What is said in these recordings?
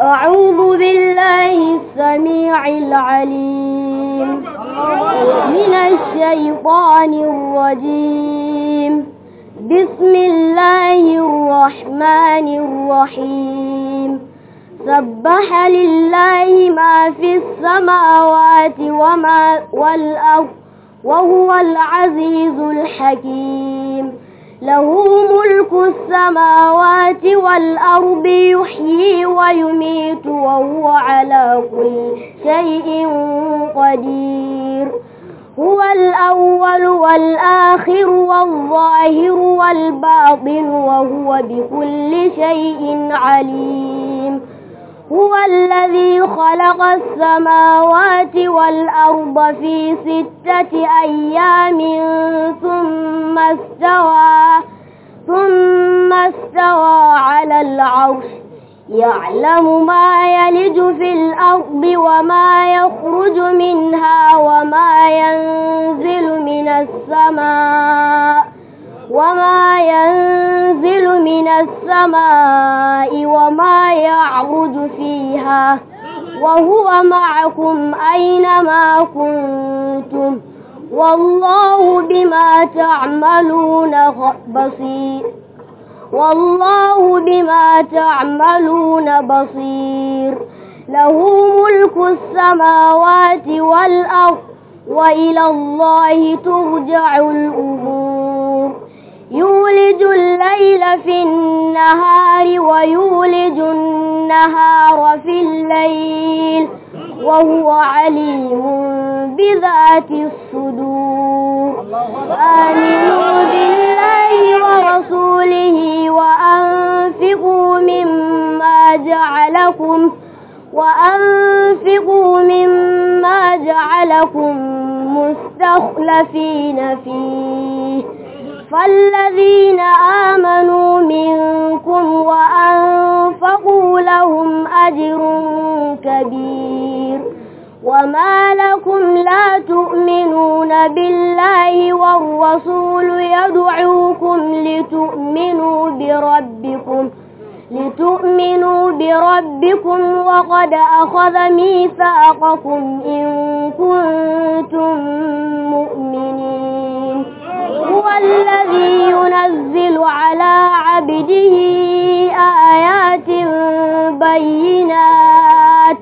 أعوذ بالله السميع العليم من الشيطان الرجيم بسم الله الرحمن الرحيم سبح لله ما في السماوات وما والأرض وهو العزيز الحكيم له ملك السماوات والأرض يحيي ويميت وهو على كل شيء قدير هو الأول والآخر والظاهر والباطن وهو بكل شيء عليم هو الذي خلق السماوات والأرض في ستة أيام ثم استوى ثم استوى على العرش يعلم ما يلج في الأرض وما يخرج منها وما ينزل من السماء وما ينزل من السماء وما يعرج فيها وهو معكم أينما كنتم والله بما تعملون بصير والله بما تعملون بصير له ملك السماوات والأرض وإلى الله ترجع الأمور يولج الليل في النهار ويولج النهار في الليل وهو عليم بذات الصدور آمنوا بالله ورسوله وأنفقوا مما جعلكم وأنفقوا مما جعلكم مستخلفين فيه فالذين آمنوا منكم وأنفقوا لهم أجر كبير وما لكم لا تؤمنون بالله والرسول يدعوكم لتؤمنوا بربكم لتؤمنوا بربكم وقد أخذ ميثاقكم إن كنتم مؤمنين هو الذي ينزل على عبده آيات بينات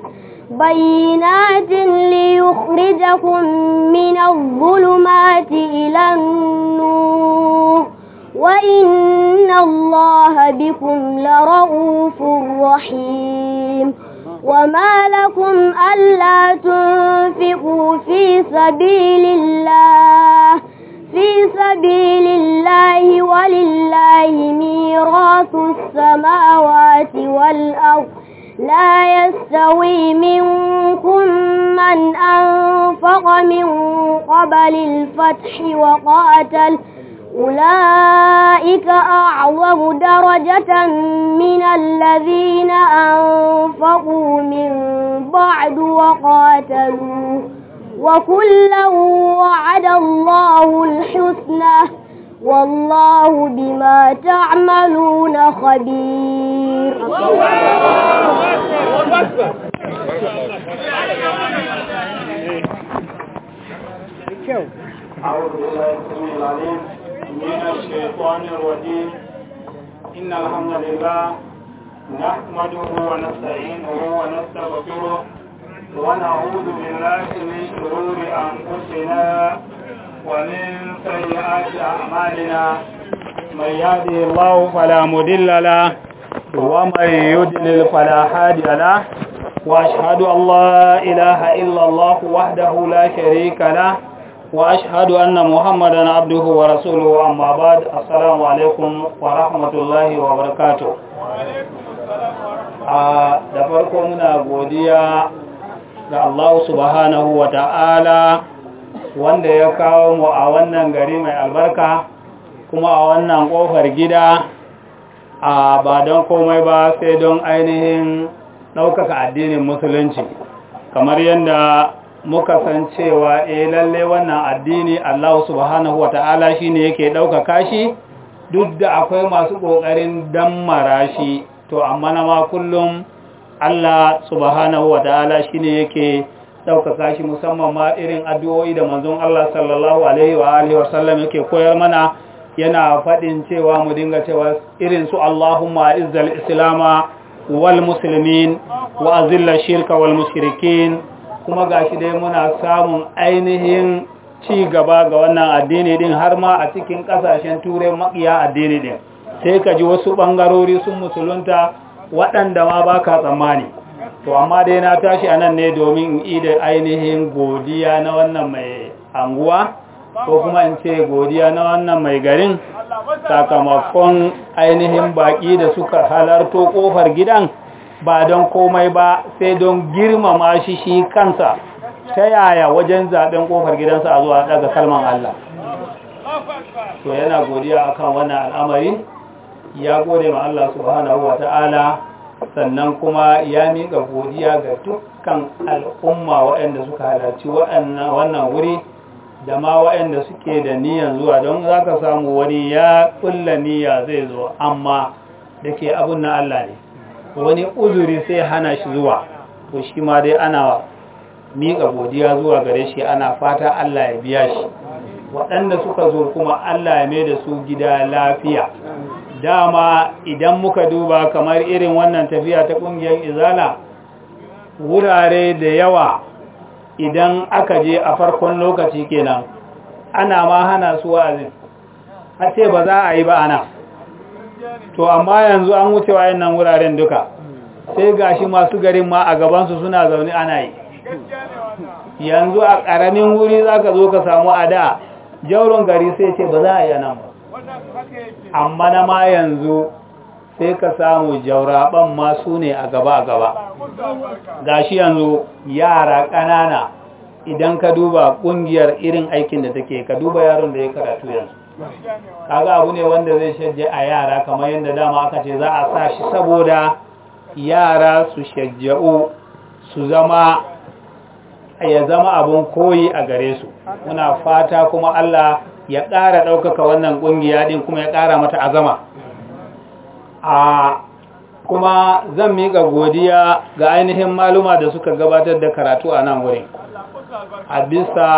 بينات ليخرجكم من الظلمات إلى النور وإن الله بكم لرؤوف رحيم وما لكم ألا تنفقوا في سبيل الله في سبيل الله ولله ميراث السماوات والأرض لا يستوي منكم من أنفق من قبل الفتح وقاتل أولئك أعظم درجة من الذين أنفقوا من بعد وقاتلوا وكلا وعد الله الحسنى والله بما تعملون خبير أعوذ بالله السميع العليم من الشيطان الرجيم إن الحمد لله نحمده ونستعينه ونستغفره ونعوذ بالله من شرور أنفسنا ومن سيئات أعمالنا من يهده الله فلا مدل له ومن يدلل فلا هادي له وأشهد أن لا إله إلا الله وحده لا شريك له وأشهد أن محمدا عبده ورسوله أما بعد السلام عليكم ورحمة الله وبركاته وعليكم السلام ورحمة الله da farko muna godiya da Allah subhanahu wa ta'ala wanda ya kawo mu a wannan gari mai albarka kuma a wannan ƙofar gida a ba don komai ba sai don ainihin ɗaukaka addinin musulunci kamar yadda muka san cewa e eh, lalle wannan addini Allah subhanahu wa ta'ala shi ne yake ɗaukaka shi duk da akwai masu ƙoƙarin dammara shi to amma na ma kullum Allah subhanahu wa ta'ala ne yake ɗaukaka shi musamman ma irin addu'o'i da manzon Allah sallallahu alaihi wa Alaihi wa sallam yake koyar mana yana faɗin cewa mu dinga cewa irin su Allahumma izzal islama wal musulmin wa azilla shirka wal mushrikin kuma gashi dai muna samun ainihin ci gaba ga wannan addini din har ma a cikin ƙasashen turai maƙiya addini din sai ka ji wasu ɓangarori sun musulunta waɗanda ma ba ka tsammani to amma dai na tashi a nan ne domin idan ainihin godiya na wannan mai anguwa ko kuma in ce godiya na wannan mai garin sakamakon ainihin baƙi da suka halarto ƙofar gidan ba don komai ba sai don girmama shi shi kansa ta yaya wajen zaɓen ƙofar gidansa a zuwa daga kalman Allah to yana godiya akan wannan al'amari ya gode ma Allah subhanahu wa ta'ala sannan kuma ya miƙa godiya ga dukkan al'umma waɗanda suka halarci wannan wuri da ma waɗanda suke da niyan zuwa don za ka samu wani ya ƙulla niyya zai zo amma da ke abin na Allah ne wani uzuri sai hana shi zuwa to shi ma dai ana miƙa godiya zuwa gare shi ana fata Allah ya biya shi waɗanda suka zo kuma Allah ya mai da su gida lafiya dama idan muka duba kamar irin wannan tafiya ta ƙungiyar izala wurare da yawa idan aka je a farkon lokaci kenan ana ma hana su wa'azin a ce ba za a yi ba ana to amma yanzu an wuce wayannan wuraren duka sai gashi masu garin ma a gabansu suna zaune ana yi yanzu a ƙaramin wuri za ka zo ka samu a da Jaurin gari sai ce ba za a yi nan ba amma na ma yanzu sai ka samu jauraban masu ne a gaba-gaba shi yanzu yara ƙanana idan ka duba ƙungiyar irin aikin da take ka duba yaron da ya karatu yanzu kaga abu ne wanda zai shajje a yara kamar yadda dama aka ce za a sa shi saboda yara su shajja'u su zama ya zama abin koyi a gare su muna fata kuma Allah ya ƙara ɗaukaka wannan ƙungiya ɗin kuma ya ƙara mata azama a kuma zan miƙa godiya ga ainihin maluma da suka gabatar da karatu a nan wurin a bisa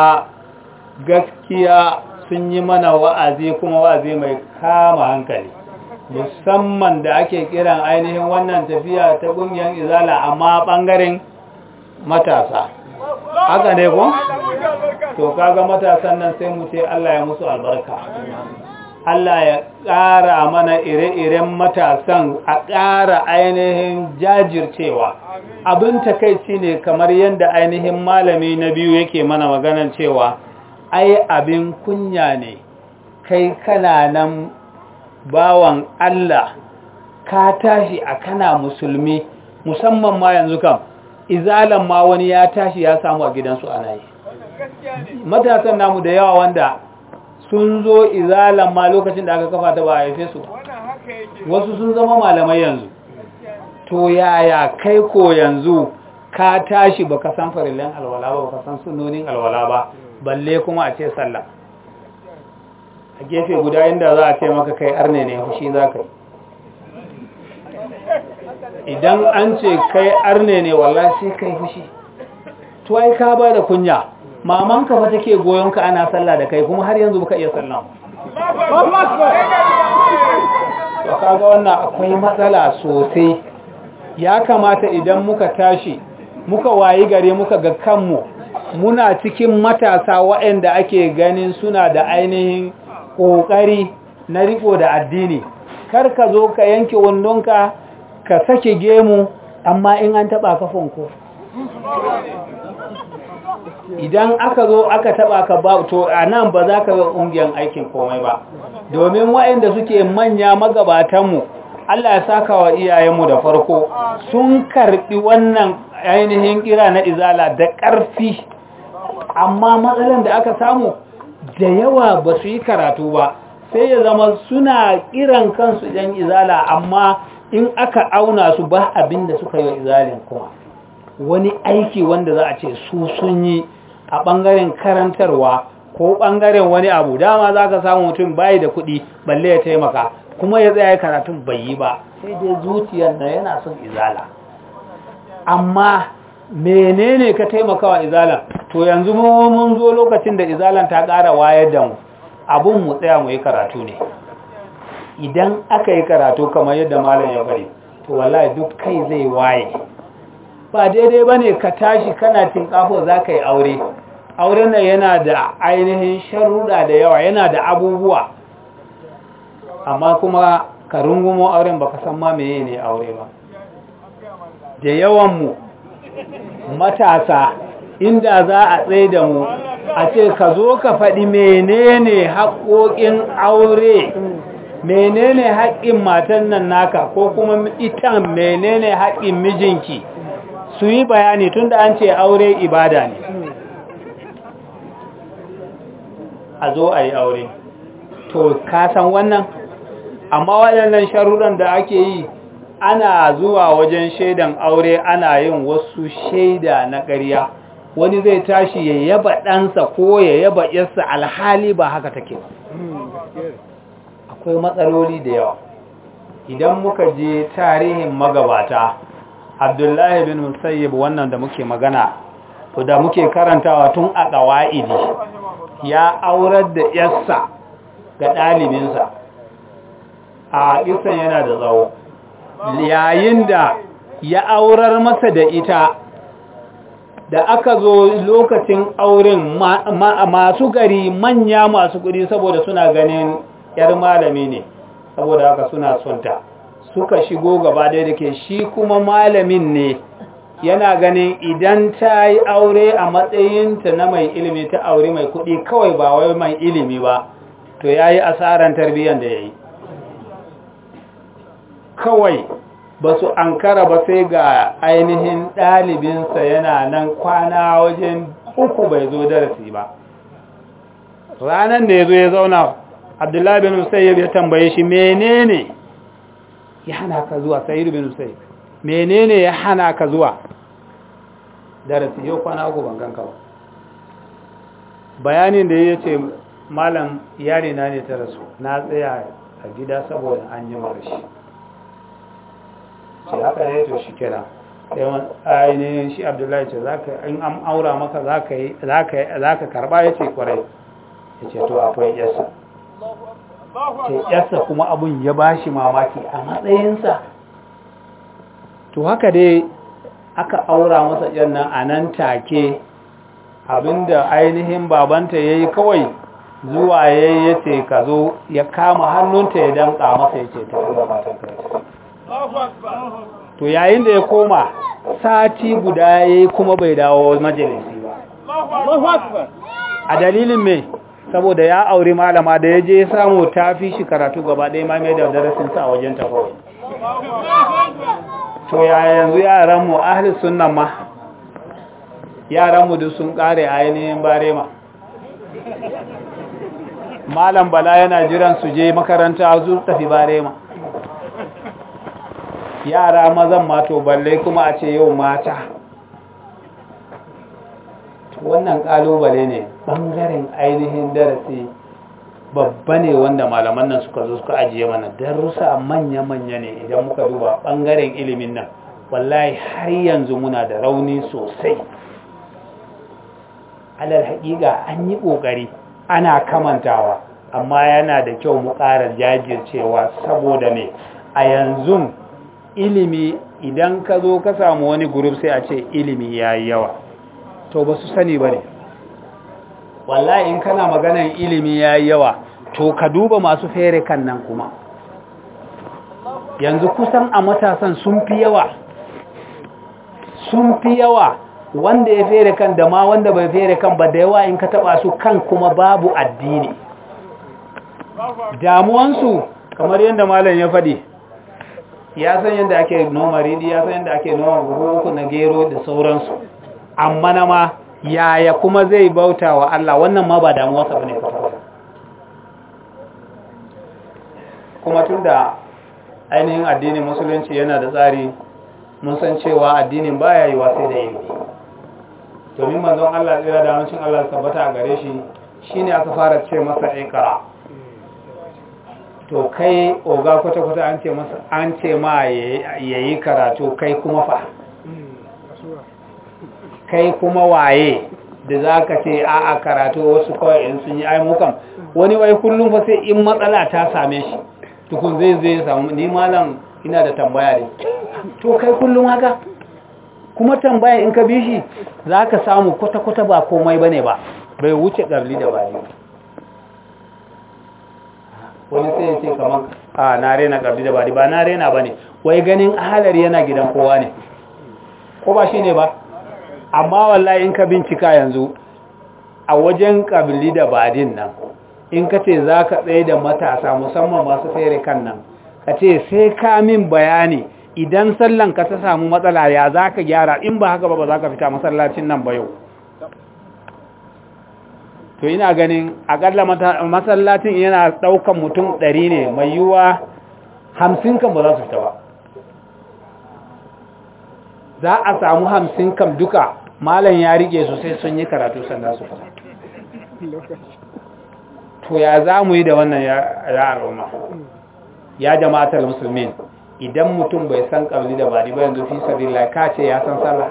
gaskiya sun yi mana wa'azi kuma wa'azi mai kama hankali musamman da ake kiran ainihin wannan tafiya ta ƙungiyar izala amma ɓangaren matasa haka ne ko to kaga matasan nan sai mu ce Allah ya musu albarka Allah ya ƙara mana ire-iren matasan a ƙara ainihin jajircewa abin takaici ne kamar yadda ainihin malami na biyu yake mana maganan cewa ai abin kunya ne kai kananan bawan Allah ka tashi a kana musulmi musamman ma yanzu kam izalan ma wani ya tashi ya samu a gidansu a nayi matasan namu da yawa wanda sun zo izalan ma lokacin da aka kafa ta ba a haife su wasu sun zama malamai yanzu to yaya kai ko yanzu ka tashi baka san farillan alwala ba baka san sunonin alwala ba balle kuma a ce sallah a gefe guda inda za a ce maka kai arne ne fushi za ka yi idan an ce kai arne ne wallahi sai kai fushi to ai ka ba da kunya ka fa take goyon ka ana sallah da kai kuma har yanzu baka iya sallah to ga wannan akwai matsala sosai ya kamata idan muka tashi muka wayi gare muka ga kanmu muna cikin matasa waɗanda ake ganin suna da ainihin ƙoƙari na riko da addini kar ka zo ka yanke wandonka ka sake gemu amma in an taba ka ko. idan aka zo aka taba ka ba to a nan ba za ka ga ƙungiyar aikin komai ba domin waɗanda suke manya magabatanmu Allah ya saka wa iyayenmu da farko sun karɓi wannan ainihin kira na izala da ƙarfi amma matsalan da aka samu da yawa ba su yi karatu ba sai ya zama suna kiran kansu ɗan izala amma in aka auna su ba abin da suka yi izalin kuma wani aiki wanda za a ce su sun yi a ɓangaren karantarwa ko ɓangaren wani abu dama za ka samu mutum bayi da kuɗi balle ya taimaka kuma ya tsaye karatun bai yi ba sai dai zuciyar na yana son izala amma menene ka taimaka wa izalan to yanzu mun zo lokacin da izalan ta ƙara wayar da mu abun mu tsaya mu yi karatu ne idan aka yi karatu kamar yadda malam ya bari to wallahi duk kai zai waye ba daidai ba ne ka tashi kana tinkafo za ka yi aure auren nan yana da ainihin sharuɗa da yawa yana da abubuwa amma kuma ka rungumo auren baka san ma meye ne aure ba da yawan yawanmu matasa inda za a tsaye da mu a ce ka zo ka faɗi menene haƙoƙin aure menene haƙƙin matan nan naka ko kuma ita menene haƙƙin mijinki su yi bayani tun da an ce aure ibada ne a zo a yi aure to kasan wannan amma waɗannan sharuɗan da ake yi ana zuwa wajen shaidan aure ana yin wasu shaida na ƙarya wani zai tashi ya yaba ɗansa ko ya yaba yarsa alhali ba haka take ba akwai matsaloli da yawa idan muka je tarihin magabata abdullahi bin musayyib wannan da muke magana to da muke karantawa tun a ƙawa'idi ya aurar da yarsa ga ɗalibinsa a Isa yana da tsawo yayin da ya aurar masa da ita da aka zo lokacin auren masu gari manya masu kudi saboda suna ganin yar malami ne saboda haka suna sonta suka shigo gaba da yake shi kuma malamin ne yana ganin idan ta yi aure a matsayinta na mai ilimi ta aure mai kuɗi kawai ba wai mai ilimi ba to ya yi asaran tarbiyyar da ya yi kawai ba su ankara ba sai ga ainihin ɗalibinsa yana nan kwana wajen uku bai zo darasi ba Ranan da ya zo ya zauna abdullahi bin musayyib ya tambaye shi menene ya hana ka zuwa sayyid bin musayyib menene ya hana ka zuwa darasi yau kwana uku ban ganka ba bayanin da ya ce malam yare na ne ta rasu na tsaya a gida saboda an yi marashi ce haka ne to shi kira ainihin shi abdullahi ce in an aura maka za ka karba ya ce kwarai ya ce to akwai yasa to yarsa kuma abun ya ba shi mamaki a matsayinsa to haka dai aka aura masa yan nan a nan take abinda ainihin babanta ya yi kawai zuwa ya yi yace ka zo ya kama hannunta ya damƙa masa ya ce ta to yayin da ya koma sati guda ya yi kuma bai dawo majalisi ba a dalilin mai saboda ya auri malama da ya je samu ta fi shi karatu gaba ɗaya ma mai da darasinsa a wajen ta kawai to ya yanzu yaranmu ahli sunnan ma yaranmu duk sun ƙare ainihin barema malam bala yana jiran su je makaranta zu tafi barema yara mazan mato balle kuma a ce yau mata wannan kalubale ne bangaren ainihin darasi babba ne wanda malaman nan suka zo suka ajiye mana darussa manya-manya ne idan muka duba bangaren ilimin nan wallahi har yanzu muna da rauni sosai alal haƙiƙa an yi ƙoƙari ana kamantawa amma yana da kyau mu ƙara jajircewa saboda me a yanzu ilimi idan ka zo ka samu wani guruf sai a ce ilimi ya yi yawa to ba su sani ba ne wallahi in kana maganan ilimi ya yi yawa to ka duba masu fere kan nan kuma yanzu kusan a matasan sun fi yawa sun fi yawa wanda ya fere kan da ma wanda bai fere kan ba da yawa in ka taba su kan kuma babu addini damuwansu kamar yadda malam ya faɗi ya san yadda ake noma ridi ya san yadda ake noma buhu na gero da sauransu amma na ma yaya kuma zai bauta wa Allah wannan ma ba damuwarsa bane kuma tun da ainihin addinin musulunci yana da tsari mun san cewa addinin ba ya yi wasai da yin. domin manzon Allah tsira da hancin Allah tabbata a gare shi shine aka fara ce masa ikara to kai oga kwata-kwata an ce ma ya yi karatu kai kuma fa kai kuma waye da za ka ce a a karatu wasu kawai in sun yi aimukan wani wai kullum fa sai in matsala ta same shi tukun zai zai samu ni malam ina da tambaya ne to kai kullum haka kuma tambaya in ka bi shi za ka samu kwata-kwata ba komai ba ne ba bai wuce ƙarli da bayi wani sai ya ce kamar a na rena ƙarli da bayi ba na rena ba ne wai ganin ahalar yana gidan kowa ne ko ba shi ne ba amma wallahi in ka bincika yanzu a wajen kabili da badin nan in ka ce za ka tsaye da matasa musamman masu tsere kan nan ka ce sai ka min bayani idan sallan ka ta samu matsala ya za ka gyara in ba haka ba ba za ka fita masallacin nan ba yau to ina ganin akalla masallacin yana ɗaukan mutum ɗari ne mai yiwuwa hamsin kan ba za su fita ba za a samu hamsin kam duka malam ya rike su sai sun yi karatu sannan su fara to ya za mu yi da wannan ya al'umma ya jama'atar musulmin idan mutum bai san ƙabli da bari bayan zufi sabila ka ce ya san sallah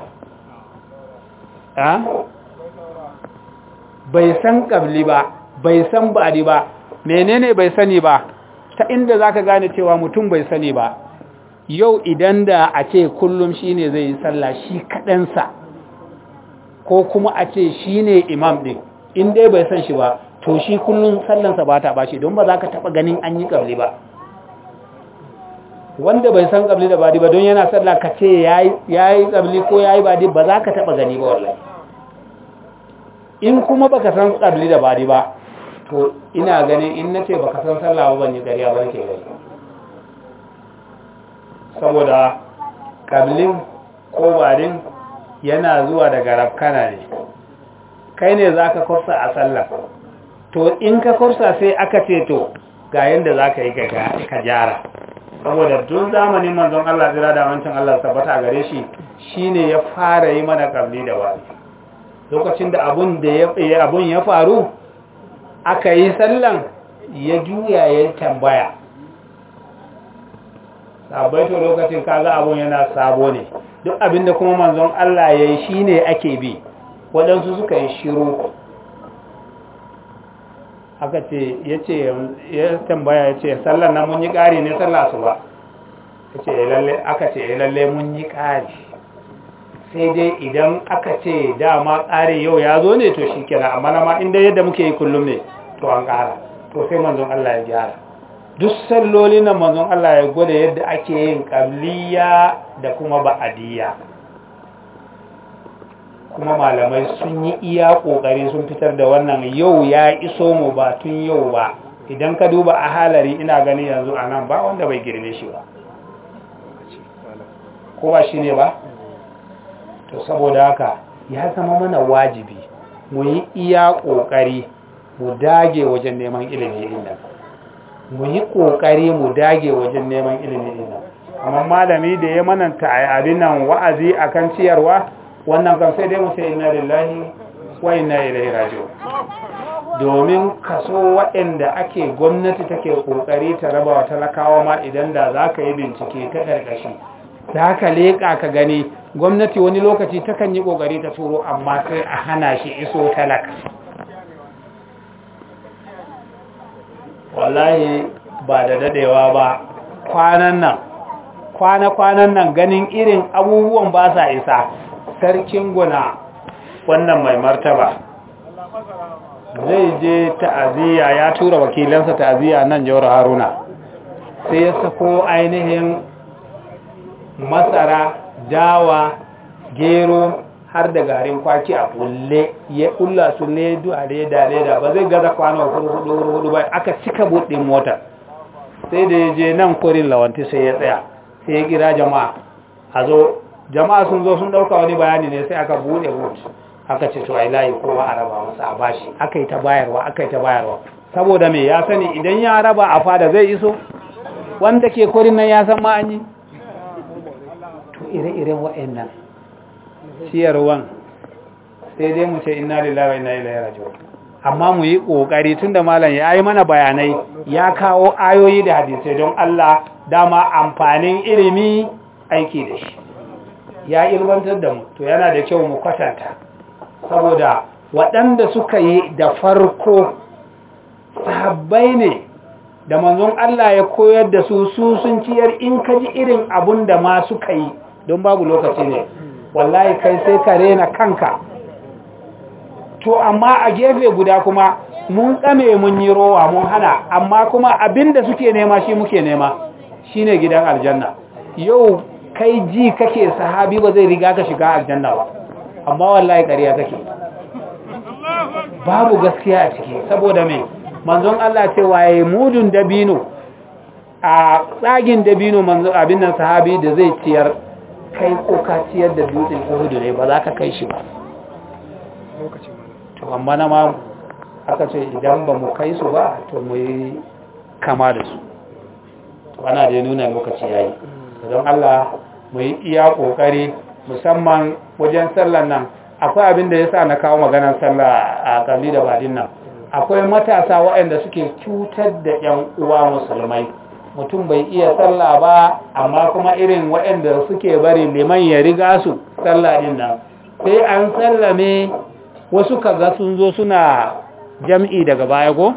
bai san ƙabli ba bai san bari ba menene bai sani ba ta inda za ka gane cewa mutum bai sani ba yau idan da a ce kullum shi ne zai yi sallah shi kaɗansa ko kuma a ce shi ne imam ɗin in dai bai san shi ba to shi kullum sallansa ba ta bashi don ba za ka taɓa ganin an yi ƙabli ba wanda bai san ƙabli da badi ba don yana sallah ka ce ya yi ƙabli ko ya yi badi ba za ka taɓa gani ba wallahi in kuma baka san ƙabli da badi ba to ina ganin in na ce baka san sallah ba ban yi gari ba ke gari saboda ƙablin ko badin yana zuwa daga rafkana ne kai ne za ka kursa a sallar? to in ka kursa sai aka ce to ga yadda za ka yi ka gyara saboda tun zamanin manzon Allah zira da wancan Allah sabata gare shi ne ya fara yi mana ƙarni da wani lokacin da abun da ya ya faru aka yi sallan ya juya ya tambaya sahabbai lokacin kaga abun yana sabo ne duk abinda kuma manzon Allah ya yi shi ne ake bi waɗansu suka yi shiru aka ce ya ce ya tambaya ya ce sallar na mun yi ƙari ne sallar su ba eh, aka ce ya eh, lalle mun yi ƙari sai dai idan aka ce dama ƙari yau ya zo ne to shi kira amma na ma inda yadda muke yi kullum ne to an ƙara to sai manzon Allah ya gyara duk salloli na manzon Allah ya gwada yadda ake yin ƙabliya da kuma ba'adiyya kuma malamai sun yi iya ƙoƙari sun fitar da wannan yau ya iso mu ba tun yau ba idan ka duba a halari ina gani yanzu a nan ba wanda bai girme shi ba ko ba shi ne ba to saboda haka ya zama mana wajibi mu yi iya kokari mu dage wajen neman ilimi inda mu yi ƙoƙari mu dage wajen neman ilimi ina amma malami da ya mananta abin nan wa'azi a kan ciyarwa wannan kan sai dai mu sai ina lillahi wa yi ilaihi rajo. domin kaso waɗanda ake gwamnati take ƙoƙari ta raba wa talakawa ma idan da za ka yi bincike ta ƙarƙashi za ka leƙa ka gani gwamnati wani lokaci takan yi ƙoƙari ta turo amma sai a hana shi iso talaka wallahi ba da dadewa ba kwanan nan kwana-kwanan nan ganin irin abubuwan ba sa isa sarkin guna wannan mai martaba zai je ta'aziyya ya tura wakilansa ta'aziyya nan jawar haruna sai ya sako ainihin masara dawa gero har da garin kwaki a kulle ya kulla su ledu a leda leda ba zai gaza kwano hudu hudu ba aka cika buɗin motar sai da ya je nan kwarin lawanti sai ya tsaya sai ya kira jama'a a zo jama'a sun zo sun ɗauka wani bayani ne sai aka buɗe hut aka ce to ai layi kowa a raba masa a bashi aka yi ta bayarwa aka yi ta bayarwa saboda me ya sani idan ya raba a fada zai iso wanda ke kwarin nan ya san ma to ire-iren wa'annan ciyarwan sai dai mu ce inna lillahi wa inna ilaihi raji'un amma mu yi kokari tunda malam ya yi mana bayanai ya kawo ayoyi da hadisai don Allah dama amfanin ilimi aiki da shi ya ilmantar da mu to yana da kyau mu kwatanta saboda waɗanda suka yi da farko sahabbai ne da manzon Allah ya koyar da su su sun ciyar in ka ji irin abun da ma suka yi don babu lokaci ne wallahi kai sai ka rena kanka to amma a gefe guda kuma mun tsame mun yi rowa mun hana amma kuma abinda suke nema shi muke nema shine gidan aljanna yau kai ji kake sahabi ba zai riga ka shiga aljanna ba amma wallahi kariya kake babu gaskiya a ciki saboda me manzon Allah ce waye mudun dabino a tsagin dabino manzon abin nan sahabi da zai ciyar kai ko ka ciyar da dutsen uhudu ne ba za ka kai shi ba to amma na ma aka ce idan ba mu kai su ba to mu yi kama da su to ana da nuna lokaci ya yi. don Allah mu yi iya kokari musamman wajen sallar nan akwai abin da sa na kawo maganar sallar a kalli da badin nan akwai matasa waɗanda suke cutar da 'yan uwa musulmai mutum bai iya sallah ba amma kuma irin waɗanda suke bari liman ya riga su sallah din nan sai an sallame wasu kaga sun zo suna jam'i daga baya ko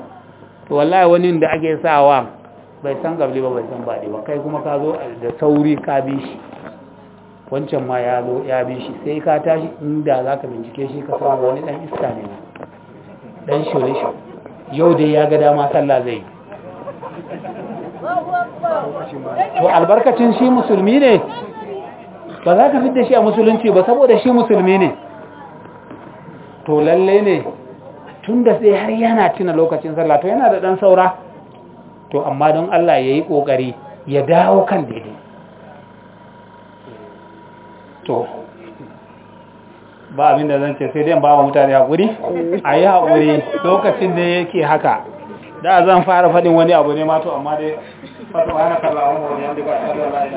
to wallahi wani da ake sawa bai san gabli ba bai san baɗi ba kai kuma ka zo da sauri ka bi shi wancan ma ya zo ya bi shi sai ka tashi inda za ka bincike shi ka samu wani dan iska ne dan shore shi yau dai ya ga dama sallah zai yi to albarkacin shi musulmi ne ba za ka fidda shi a musulunci ba saboda shi musulmi ne to lalle ne tun da sai har yana tuna lokacin sallah to yana da ɗan saura to amma don Allah ya yi ƙoƙari ya dawo kan daidai to ba abin da zan ce sai dai ba wa mutane haƙuri a yi haƙuri lokacin da yake haka da zan fara faɗin wani abu ne mato amma dai fata wa hana kalla amma wani yadda ba a kalla ba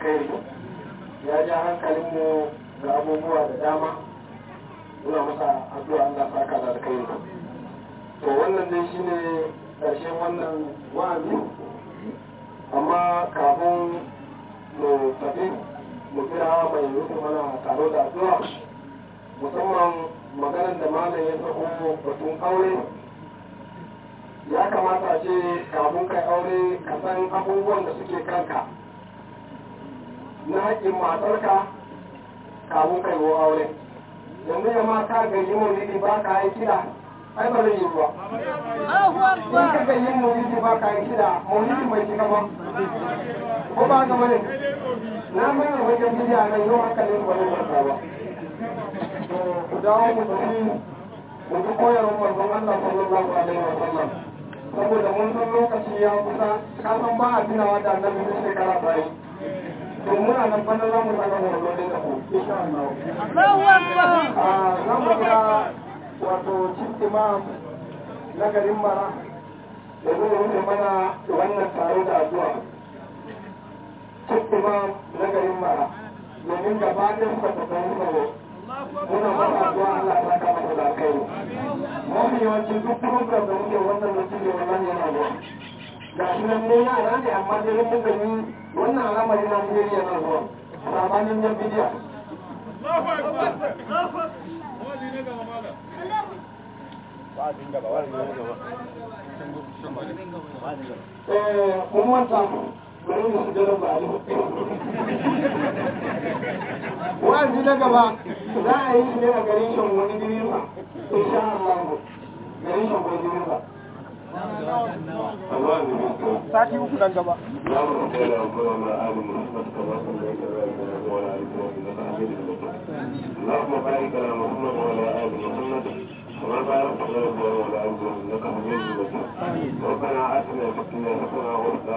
da ya ja hankalinmu ga abubuwa da dama muna masa addu'a Allah saka da alkhairi to wannan dai shi ne ƙarshen wannan wa'azi amma kafin mu tafi mu kira mai rufe mana taro da addu'a musamman maganar da malam ya sako batun aure ya kamata ce kafin kai aure ka san abubuwan da suke kanka na haƙƙin matarka kafin kai wo aure yanzu yamma ka gaji mu ba ka yi kira ai ba zai yi ruwa in ka ganye maulidi ba ka yi shida maulidi mai cika ba ko ba ka bane na mai wajen bidiya nan yau hankalin ba zai ba ku dawo mu tafi mu bi koyarwar manzon Allah sallallahu alaihi wa sallam saboda mun san lokaci ya kusa ka san ba a tunawa da annabi ne shekara bayi muna nan bana za mu saka horon da ku insha Allah Allahu akbar ah, wato cin imam na garin mara da zai rufe mana wannan taro da zuwa cin imam na garin mara domin gabanin sa da ta tsaro muna mana addu'a Allah ya saka masa da kai mafi yawanci duk program da muke wannan mutum ne wannan yana zuwa ga shi nan ne yara ne amma dai mun gani wannan alamar yana zuwa sabanin yan bidiya Eh, mun mu na gaba za a yi shi ne a garin shan wani direba insha Allah garin shan wani direba sati uku dan gaba اللهم بارك على محمد وعلى ال محمد وما تغلب ولا أنزل إنك من يجب ربنا آتنا في الدنيا حسنة وفي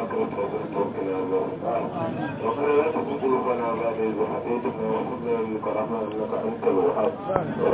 الآخرة حسنة وقنا عذاب النار ربنا لا تزغ قلوبنا بعد إذ هديتنا وهب لنا منك رحمة إنك أنت الوهاب